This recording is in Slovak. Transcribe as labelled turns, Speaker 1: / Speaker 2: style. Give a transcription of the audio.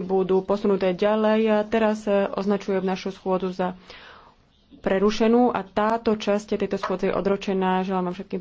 Speaker 1: budú posunuté ďalej. Teraz e, označujem našu schôdzu za prerušenú a táto časť tejto schôdze je odročená. Želám vám všetkým